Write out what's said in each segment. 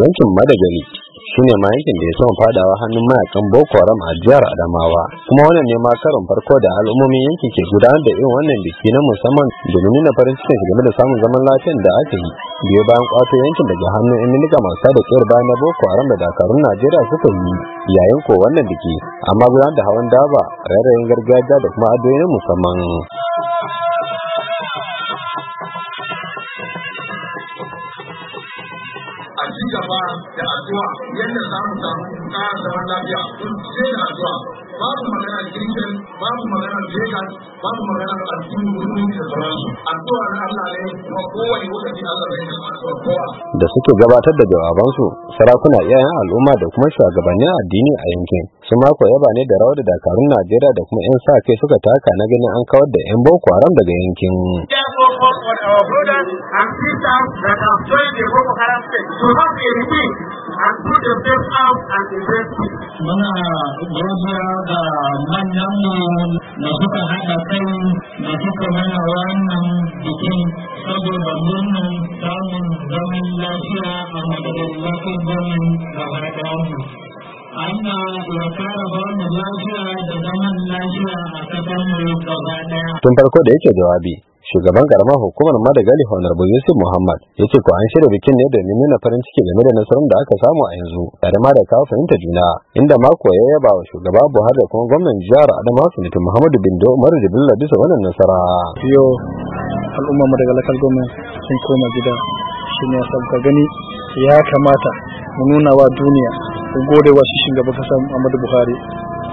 yankin madagari shi ne ma yankin da ya sama fadawa hannun mayakan boko haram a jihar adamawa kuma wannan ne ma karon farko da al'ummomin yankin ke gudanar da irin wannan biki na musamman domin nuna farin cikin shi game da samun zaman lafiyan da aka yi biyo bayan kwato yankin daga hannun yan minika masu da tsayar bayan na boko haram da dakarun najeriya suka yi yayin ko wannan biki amma gudanar da hawan daba rairayin gargajiya da kuma addu'o'i na musamman da addu'a yadda da addu'a babu na Allah ne suke gabatar da jawabansu sarakuna iyayen al'umma da kuma shugabannin addini a yankin su ma yaba ne da rawar da dakarun Najeriya da kuma 'yan sa kai suka taka na ganin an kawar da 'yan Boko Haram daga yankin. Muna rubara da manyanmu da suka haɗa kai da suka mana wannan bikin saboda murnin samun zaman lafiya a madadin lafiyar zamin da haɗa Anna ya fara ba mu lafiya da zaman lafiya a ƙasarmu gaba ɗaya. Tun farko da yake jawabi, shugaban karamar hukumar madagali honorable yusuf muhammad ya ce ko an shirya bikin ne domin nuna farin ciki game da nasarar da aka samu a yanzu tare ma da kawo fahimta juna inda mako ya yaba wa shugaba buhari da kuma gwamnan jihar adamawa sunitu muhammadu bindo umaru jibrila bisa wannan nasara. yau al'umma madagalakar gwamnati sun koma gida shi ne ka gani ya kamata mu nuna wa duniya mu gode wa shi shugaban kasa muhammadu buhari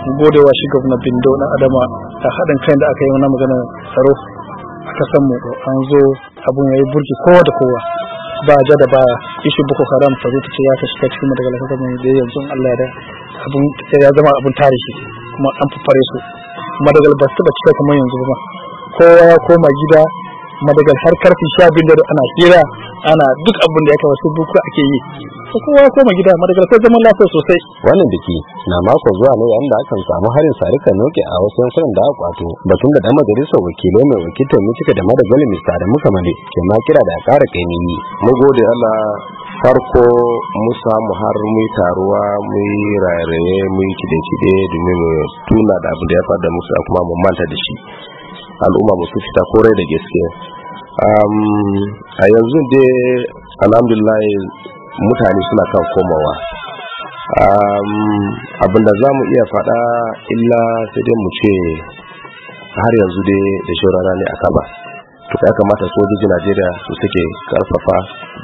mu gode wa shi gwamnan bindo na adama da haɗin kai da aka yi wani maganar tsaro kasan mu an zo abun yayi burki kowa da kowa ba ja da ba ishi buku haram ta zo ta ce ya ta shiga cikin daga laka mai da yanzu Allah da abun ya zama abun tarihi kuma an fafare su kuma daga ba su da cika kamar yanzu ba kowa ya koma gida madagal har karfi sha biyu dare ana tsira ana duk abin da ya kawo su buku ake yi to kowa ko koma gida madagal ko zaman lafiya sosai wannan biki na mako zuwa ne yayin da akan samu harin sarika noke a wasu yankunan da aka kwato batun da dan majalisar wakilai mai wakiltar cika da madagal mai da muka male ke ma kira da ƙara ne mu gode Allah farko mu samu har mu taruwa mu yi raye mu yi kide-kide domin tuna da abin da ya faru da musu kuma mu manta da shi al'umma masu fita korai da gaske a yanzu dai alhamdulillah mutane suna kan komawa abinda za mu iya faɗa illa sai dai mu ce har yanzu dai da shaurara ne a kaba to ya kamata sojoji najeriya su suke karfafa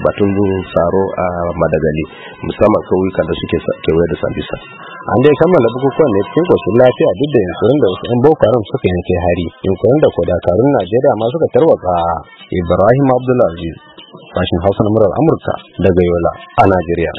batun tsaro a madagali musamman kauyukan da suke kewaye da sambisa an dai kammala bukukuwan ne cikin koshin lafiya duk da yankurin da wasu 'yan boko haram suka yanke hari yankurin da kodakarun najeriya ma suka tarwatsa ibrahim abdulaziz sashen hausa na murar amurka daga yola a najeriya